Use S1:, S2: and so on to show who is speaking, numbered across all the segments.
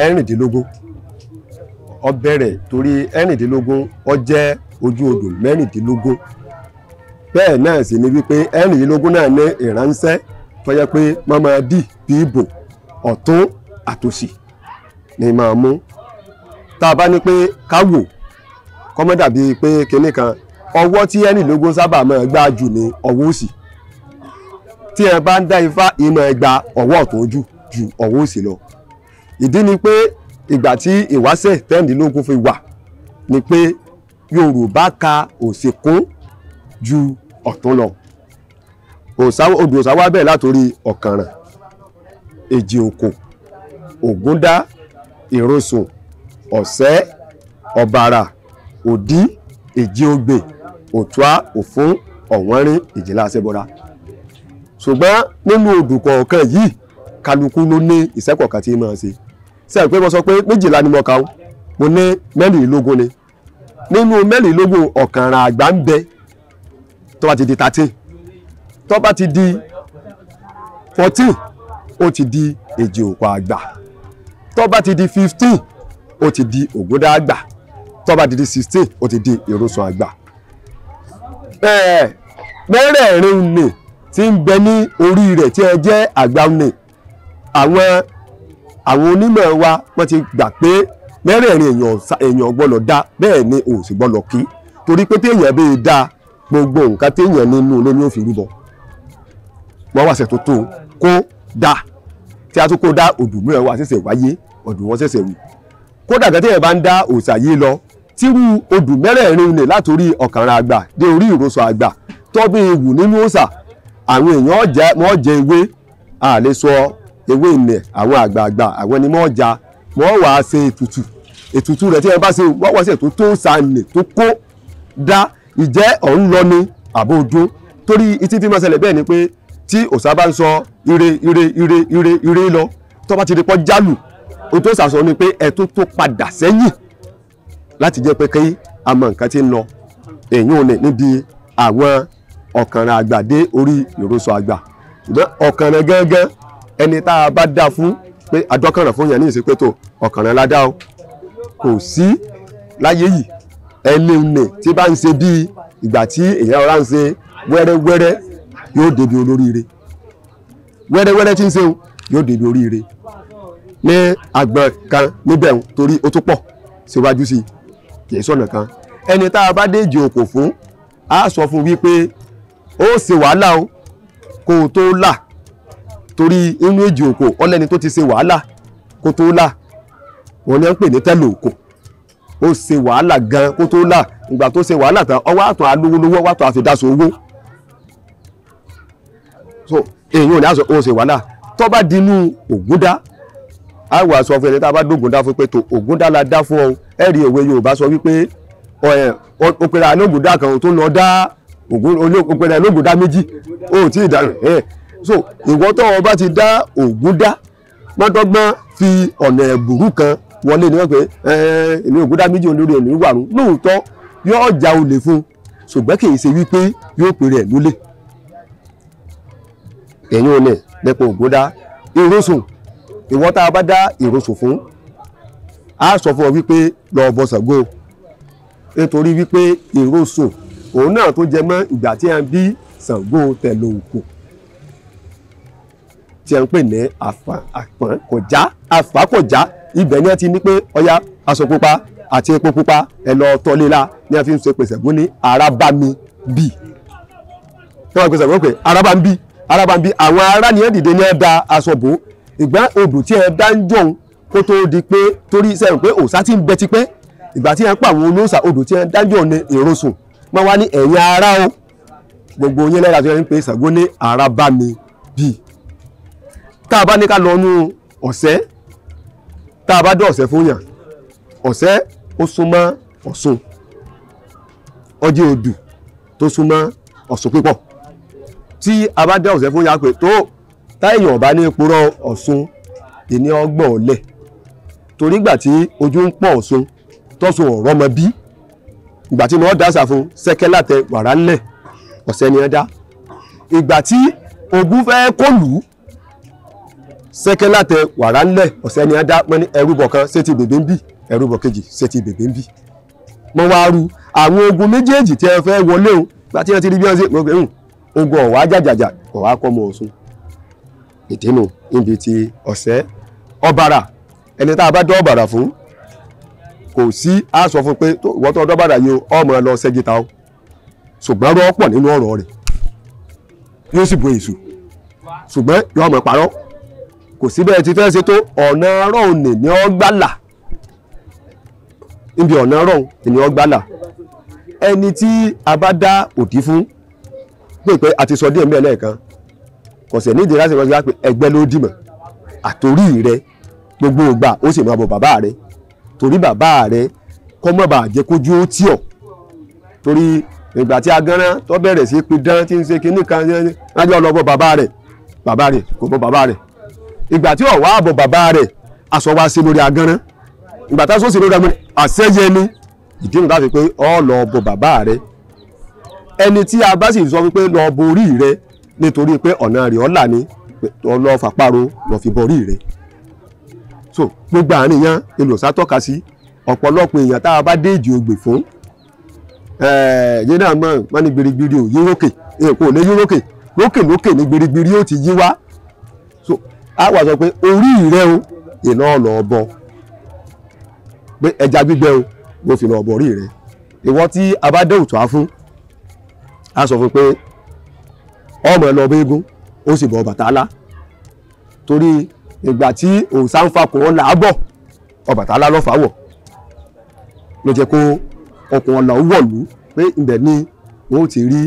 S1: ẹ̀rìndínlógún ó bẹ̀rẹ̀ torí ẹ̀rìndínlógún ó jẹ́ ojú odò mẹ́rìndínlógún bẹ́ẹ̀ náà sì ni wípé ẹ̀rìndínlógún náà ní ìránṣẹ́ tó yẹ pé wọ́n máa dì bí ìbò ọ̀tún àtòsì ni máa mú tá a bá ní pé ká wò kọ́mọ́ dàbí pé kinní kan ọwọ́ tí ẹ̀rìndínlógún sábà máa gbá jù ní ọwọ́ òsì tí ẹ bá ń dá ifá ìmọ̀ ẹgbàá ọwọ́ ọ̀tún ojú ju ọwọ́ òsì lọ ìdí ni pé ìgbà tí ìwáṣẹ̀ tẹ́ẹ̀dínlógún fi wà ni pé Yorùbá ka Òsìkún ju Ọ̀tún lọ odò Ọ̀sà wá bẹ̀rẹ̀ látòrí Ọ̀kànràn Èjì Òkò Ògúndá Ìrosùn Ọ̀sẹ́ Ọ̀bàrà Òdí Èjì Ogbè Òtúá Òfún Ọ̀wọ́nrín Ìjìlá Aṣẹ́bọra ṣùgbọ́n nínú odò kọ̀ọ̀kan yìí kálukú ló ní ìṣẹ́kọ̀ọ̀kan tí í máa ṣe sẹ́yìn pé mo sọ pé méjìlá ni mo kà ó mo ní mẹ́rìnlélógún ni nínú mẹ́rìnlélógún ọ̀kànrà àgbà ń bẹ tó bá ti di thirteen tó bá ti di fourteen ó ti di èjì òkú àgbà tó bá ti di fifteen ó ti di ògúndá àgbà tó bá ti di sixteen ó ti di ìrúsùn àgbà. mẹ́rẹ̀ẹ̀rin nì tí ń bẹ ní orí rẹ̀ tí ẹ jẹ́ àgbà nì àwọn àwọn onímọ̀ wa wọ́n ti gbà pé mẹ́rẹ̀ẹ̀rin èèyàn gbọ́dọ̀ dá bẹ́ẹ̀ ni o sì gbọ́dọ̀ kí torí pé téèyàn bẹ́ẹ̀ dá gbogbo nǹkan téèyàn nínú ló ní òfin rúbọ wọ́n wàṣẹ tó tó kó dá tí a tún kó dá òdùnmú ẹ̀ wá ṣẹ̀ṣẹ̀ wáyé ọ̀dùn wọn ṣẹ̀ṣẹ̀ wù kódà gẹ́gẹ́ téèyàn bá ń dá òòṣà yìí lọ tírú odù mẹ́rẹ̀ẹ̀rin nì látòrí ọ̀kànrà àgbà dé orí ìrosọ àgbà tọ́bí ìwù nínú òòṣà àwọn èèyàn wọ́n jẹ ewé a lè ewé ìmẹ̀ àwọn àgbààgbà àwọn ni wọ́n ja wọ́n wàá ṣe ètùtù ètùtù rẹ̀ tí wọ́n bá ṣe wọ́n wọ́n ṣe tó tó sàmì tó kó dá ìjẹ́ ọ̀hún lọ ní àbò odó torí etí fi máa ṣẹlẹ̀ bẹ́ẹ̀ ni pé tí òṣà bá ń sọ ire ire ire ire ire lọ tó bá ti di pọ́ jálù o tó sàṣọ ni pé ẹ̀tún tó padà sẹ́yìn láti jẹ́ pé kí a mọ nǹkan tí ń lọ èyí ò ní níbi àwọn ọ̀kànràn àgbà dé orí ìrosọ àgbà ọ̀kànràn gángan ẹni tá a bá dá fún pé àdọ́kànràn fún yẹn ní ìsìnkú tó ọ̀kànràn ládá o kò sí láyé yìí ẹni nì tí bá ń ṣe bíi ìgbà tí èèyàn ọ̀rá ń ṣe wẹ́rẹ́wẹ́rẹ́ yóò débi olóríire wẹ́rẹ́wẹ́rẹ́ tí ń ṣe yóò débi oríire ní àgbọn kan níbẹ̀ torí ó tún pọ̀ síwájú sí kì í sọ̀nà kan ẹni tá a bá dé ìjì òkò fún a sọ fún wípé ó ṣe wàhálà o kò tó là torí inú èjì òkò ọlẹ́ni tó ti se wàhálà kó tó là wọ́n ní à ń pè ní tẹ́lẹ̀ òkò ó se wàhálà gan kó tó là ìgbà tó se wàhálà tán ọwọ́ àtọ̀ alówólówó àtọ̀ owó so èyí ò ní ó se wàhálà tó bá ògúndá á wà sọ fún ẹni tá a bá dógúndá la dá fún ọ òwe sọ wípé òpèrè kan tó lọ dá méjì ó so ìwọ tọ́wọ́ bá ti dá ògùn dá mọ́tọ́gbọ́n fi ọ̀nà ẹ̀bùrú kan wọlé ni wọ́n pé èmi ògùn dá méjì olórí èmi wàrún lóòótọ́ yóò ja olè fún un ṣùgbọ́n kì í ṣe wípé yóò pèrè ẹ̀ lólè ẹ̀yin olè lẹ́pọ̀ ògùn dá ìrosùn ìwọ tá a bá dá ìrosùn fún a sọ fún ọ wípé lọ bọ Ṣàngó nítorí wípé ìrosùn òun náà tó jẹ mọ́ ìgbà tí a ń bí Ṣàngó tẹ̀lé òkun tí a ń pè ní àfàkọjá àfàkọjá ibẹ̀ ni wọ́n ti ní pé ọya aṣọ pupa àti epo pupa ẹ lọ tọ́léla ni wọ́n fi ń ṣe pèsè fún ní arábàmì bì tí wọ́n pèsè fún pé arábàmì bì arábàmì bì àwọn ará ni wọ́n dìde ni wọ́n da aṣọ bò ìgbà odò tí ẹ dá ń jọun kó tó di pé torí sẹ́yìn pé òòṣà ti ń bẹ tipẹ́ ìgbà tí wọ́n pa àwọn olóòṣà odò tí wọ́n dájọ́ ní èrò máa wá ní ẹ̀yìn ara o gbogbo yín lẹ́ra tó yẹ ń pè ní àràbà mi bíi tá a bá ní ká lọ nú ọ̀sẹ́ tá a bá dọ̀ ọ̀sẹ́ fún yàn ọ̀sẹ́ ó súnmọ́ ọ̀ṣun ọjọ́ odù tó súnmọ́ ọ̀ṣun púpọ̀ tí a bá dọ̀ ọ̀sẹ́ fún yàn pé tó táyàn bá ní purọ́ ọ̀ṣun ìní ọgbọ̀n ọ̀lẹ̀ torí ìgbà tí ojú ń pọ̀ ọ̀ṣun tọ́sùn ọ̀rọ̀ ọmọ bí ìgbà tí wọ́n dáṣà fún sẹ́kẹ́ látẹ wàrà ńlẹ̀ ọ̀sẹ̀ ni ẹ dá ìgbà tí ogun fẹ́ kọlù sẹ́kẹ́ látẹ wàrà ọ̀sẹ̀ ni adá pọ́n ní kan ṣé bèbè ń bì kejì ṣé bèbè ń bì. mo wá ru àwọn ogun méjèèjì tí ẹ fẹ́ wọlé o gba ẹ ti rí bí wọ́n ogun ìdínú níbi ti fún kò sí fún pé tó yìí ọmọ lọ ṣẹ́gita o ṣùgbọ́n nínú ọ̀rọ̀ rẹ̀ yóò sì kò síbẹ̀ ti fẹ́ ṣe tó ọ̀nà ọ̀rọ̀ òní ni ọ́ gbàlà níbi ọ̀nà ọ̀rọ̀ ni ọ́ gbàlà ẹni tí a bá dá òdì fún pé pé a ti sọ díẹ̀ mẹ́lẹ̀ kan kò sì ní ìdíra ṣe lọ́sọ̀rọ̀ pé ẹgbẹ́ ló dìmọ̀ àtòrí rẹ gbogbo ìgbà ó sì máa bọ̀ bàbá rẹ torí bàbá rẹ kọ́ mọ́ bàá jẹ́ kójú ó tì ọ́ torí ìgbà tí agánná tó bẹ̀rẹ̀ sí pidán tí ń ṣe kinní kan rájọ́ lọ bàbá rẹ̀ bàbá rẹ̀ kò bọ̀ bàbá rẹ̀ ìgbà tí ọ̀wá àbọ̀ bàbá rẹ̀ aṣọ wa ṣe lórí aganran ìgbà tá a sọ ṣe lórí aganran àṣẹyẹ ni ìdí nǹkan fi pé ọ lọ bọ bàbá rẹ ẹni tí a bá sì sọ wípé lọ borí rẹ nítorí pé ọ̀nà rẹ̀ ọ̀là ni lọ fàparò lọ fi borí rẹ so gbogbo àárín yẹn olùsá tọ́ka sí ọ̀pọ̀lọpọ̀ èèyàn tá a bá dé ìdí ògbè fún ẹ̀ẹ́dẹ́ eh, náà mọ̀ wọ́n ní gbirigbiri ò yí rókè èkó ò lè yí rókè lókè lókè ní gbirigbiri ó ti yí wá a wà sọ pé orí rẹ o iná ọ̀nà ọbọ pé ẹja gbígbẹ o mo fi lọ ọbọ orí rẹ ìwọ tí a bá dé òtún á fún a sọ fún pé ọmọ ẹ lọ bẹ ó sì bọ Ọbàtálá torí ìgbà tí òòṣà ń fa kòrán làábọ̀ Ọbàtálá ló wọ̀ ló jẹ́ kó wọ̀lú ni wọ́n ti rí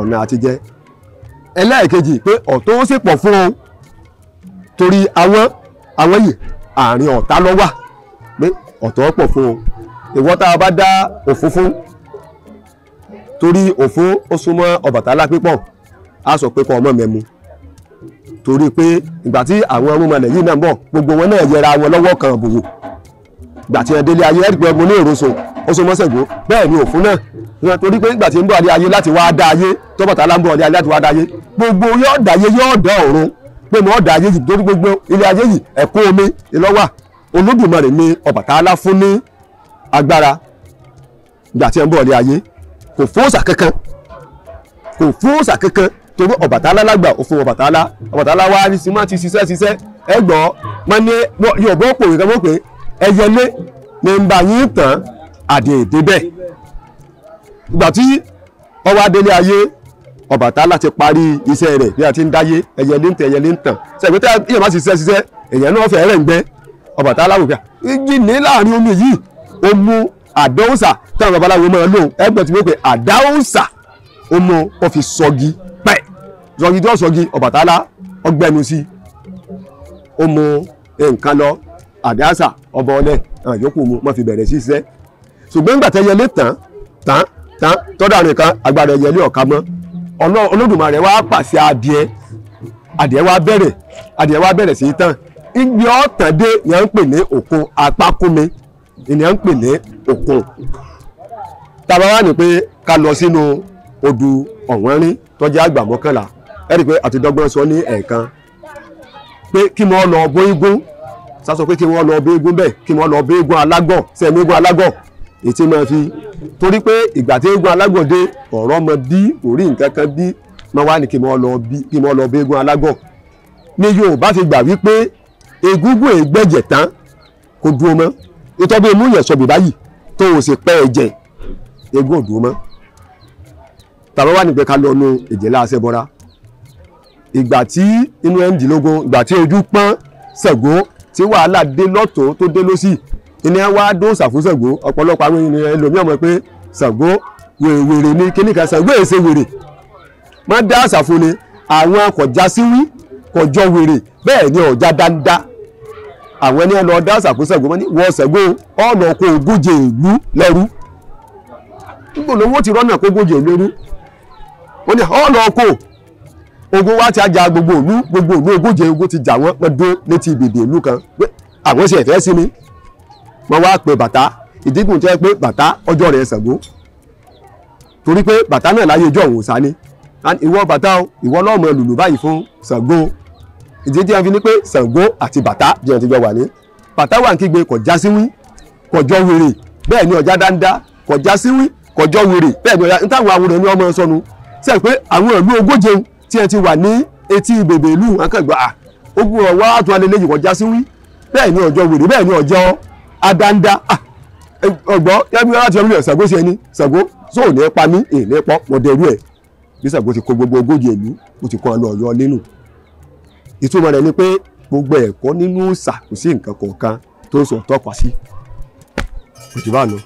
S1: ọ̀nà ẹlẹ́ẹ̀kejì pé ó sì pọ̀ fún torí àwọn àwọn yìí àárín ọ̀tá ló wà pé ọ̀tọ̀ pọ̀ fún o ìwọ tá a bá dá òfó fún torí òfó ó súnmọ́ Ọbàtálá pípọ̀ a sọ pé kọ́ ọmọ mẹ́mu torí pé ìgbà tí àwọn ọmọọmọlẹ̀ yìí náà ń bọ̀ gbogbo wọn náà yẹra wọn lọ́wọ́ kan àbòwò ìgbà tí wọn délé ayé ẹ̀dùgbọ́n mo ní ìrosùn ó súnmọ́ Ṣàngó bẹ́ẹ̀ ni òfó náà wọn torí pé ìgbà tí ń bọ̀ adé ayé láti wá dá ayé tọ́bọ̀tálá ń bọ̀ adé ayé láti wá dá ayé gbogbo yóò dáyé yóò dá ọ̀run pé mo ọ̀dà ayé yìí torí gbogbo ilé ayé yìí ẹ̀kún omi ìlọ́wà olódùmarè ni Ọbàtálá fún ní agbára ìgbà tí ẹ̀ ń bọ̀ ilé ayé kò fóòsà kankan kò fóòsà kankan torí Ọbàtálá lágbà òfin Ọbàtálá Ọbàtálá wá ní sinmi àti ṣiṣẹ́ ṣiṣẹ́ ẹ gbọ́ wọn ní Yorùbá òpò òwe kan mọ̀ pé ẹyẹlé ni ń bá yín tàn àdéhùn débẹ̀ ìgbà tí ọwọ́ adélé ayé Ọbàtálá ti parí iṣẹ́ rẹ̀ bí a ti ń dáyé ẹyẹ lé ń tẹ ẹyẹ lé ń tàn sẹ́gbẹ́ tẹ́ ìyẹn má sì ṣiṣẹ́ ṣiṣẹ́ èèyàn náà fẹ́ rẹ̀ ń gbẹ́ Ọbàtálá wò pé igi ní láàrin omi yìí ó mú àdóhùnsà táwọn babaláwo máa lò ẹgbẹ́ tí wọ́n pe àdáhùnsà ó mú ó fi sọgi pẹ́ sọgi tó sọgi Ọbàtálá ọgbẹ́nu sí ó mú nǹkan lọ àdáhùnsà ọba ọlẹ́ àyókù mu má fi bẹ̀rẹ̀ sí iṣẹ́ ṣùgbọ́n nígbà tẹ́yẹlé tán tán tán tọ́dọ̀ àrùn kan agbára ẹyẹlé ọ̀ka mọ́ olódùmarè wá pàṣẹ adìẹ adìẹ wá bẹ̀rẹ̀ adìẹ wá bẹ̀rẹ̀ sí í tàn ibi ọ̀tàn dé ni à ń pè ní òkun apákúnmi ni à ń pè ní òkun tàbá wà ní pé ká lọ sínú odù ọ̀wọ́nrín tó jẹ́ àgbà mọ́kànlá ẹ rí i pé àtidọ́gbọ́n sọ ní ẹ̀ẹ̀kan pé kí wọ́n lọ bó igun sá pé kí wọ́n lọ bó igun bẹ́ẹ̀ kí wọ́n lọ bó igun alágọ̀ sẹ́ẹ̀mí igun alágọ̀ ètí máa fi torí pé ìgbà tí eégún alágbọ̀dé ọ̀rọ̀ mọ bí orí nǹkan kan bí máa wá ní kí mo lọ bí kí mo lọ bí eégún alágbọ̀ ní Yorùbá ti gbà wípé egúngún ègbẹ̀jẹ̀ tán kò dúró mọ́ ìtọ́bí imú yẹn sọ̀bì báyìí tó o sì pẹ́ ẹ̀jẹ̀ egún ò dúró mọ́ tàbí wà nígbẹ́ ká lọ nu ìjẹ́lá aṣẹ́bọra ìgbà tí inú ẹ̀ńdínlógún ìgbà tí ojú pọ́n Ṣàngó tí wàhálà dé lọ́tọ̀ọ́ tó dé lọ́sì ìní wá dún sàfún Ṣàngó ọ̀pọ̀lọpọ̀ àwọn ènìyàn ẹlòmíì mọ̀ pé Ṣàngó wèrè ni kíní kan Ṣàngó èsè wèrè wọ́n dá sàfún ni àwọn kọjá síwí kọjọ wèrè bẹ́ẹ̀ ni ọ̀já dáadáa àwọn ẹni lọ dá sàfún Ṣàngó wọ́n ní wọ́n Ṣàngó ọ̀nà kó ogóje ìlú lẹ́rú níbo lówó ti rọ́nà kó ogóje ìlú lẹ́rú wọ́n ní ọ̀nà kó ogun wa ti ajá gbogbo ìlú gbogbo ìlú ogóje ogun ti jà wọ́n pẹ́ dún létí ibèdè ìlú kan àwọn sì ẹ̀fẹ́ sí ni wọ́n wá pe bàtá ìdígùn jẹ́ pé bàtá ọjọ́ rẹ̀ ṣàngó torí pé bàtá náà láyé ọjọ́ òun sáni ìwọ bàtá o ìwọ lọ́mọ lùlù báyìí fún ṣàngó ìdí tí wọ́n fi ní pé ṣàngó àti bàtá jẹ́ ẹ̀ ti jọ wà ní bàtá wà ń kígbe kò já síwí kò wèrè bẹ́ẹ̀ ni ọ̀já dáńdá kò já síwí kò wèrè bẹ́ẹ̀ ni ọ̀já táwọn awòrán ni ọmọ sọnù sẹ́ẹ̀ pé àwọn ìlú ogóje tí ẹ ti wà ní etí bèbè ìlú akẹ́gbà ogun ọ̀wá àtúnalẹ́lẹ́yìn kò já síwí bẹ́ẹ̀ ni ọjọ́ wèrè bẹ́ẹ̀ ni ọjọ́ adanda àdàndà ah, ọgbọ́ yẹ́bí láti ọdún rẹ̀ ṣàgó sí ẹni ṣàgó tó ò ní pa mí èyí ní pọ́ mo dẹrú ẹ̀ bí ṣàgó ti kó gbogbo ogójì ìlú mo ti kọ́ ọ lọ ọ̀yọ́ nínú ìtumọ̀ rẹ̀ ni pé gbogbo ẹ̀kọ́ nínú ìsà kò sí nǹkan kọ̀ọ̀kan tó ń sọ tọ́pa sí kò jù bá lọ.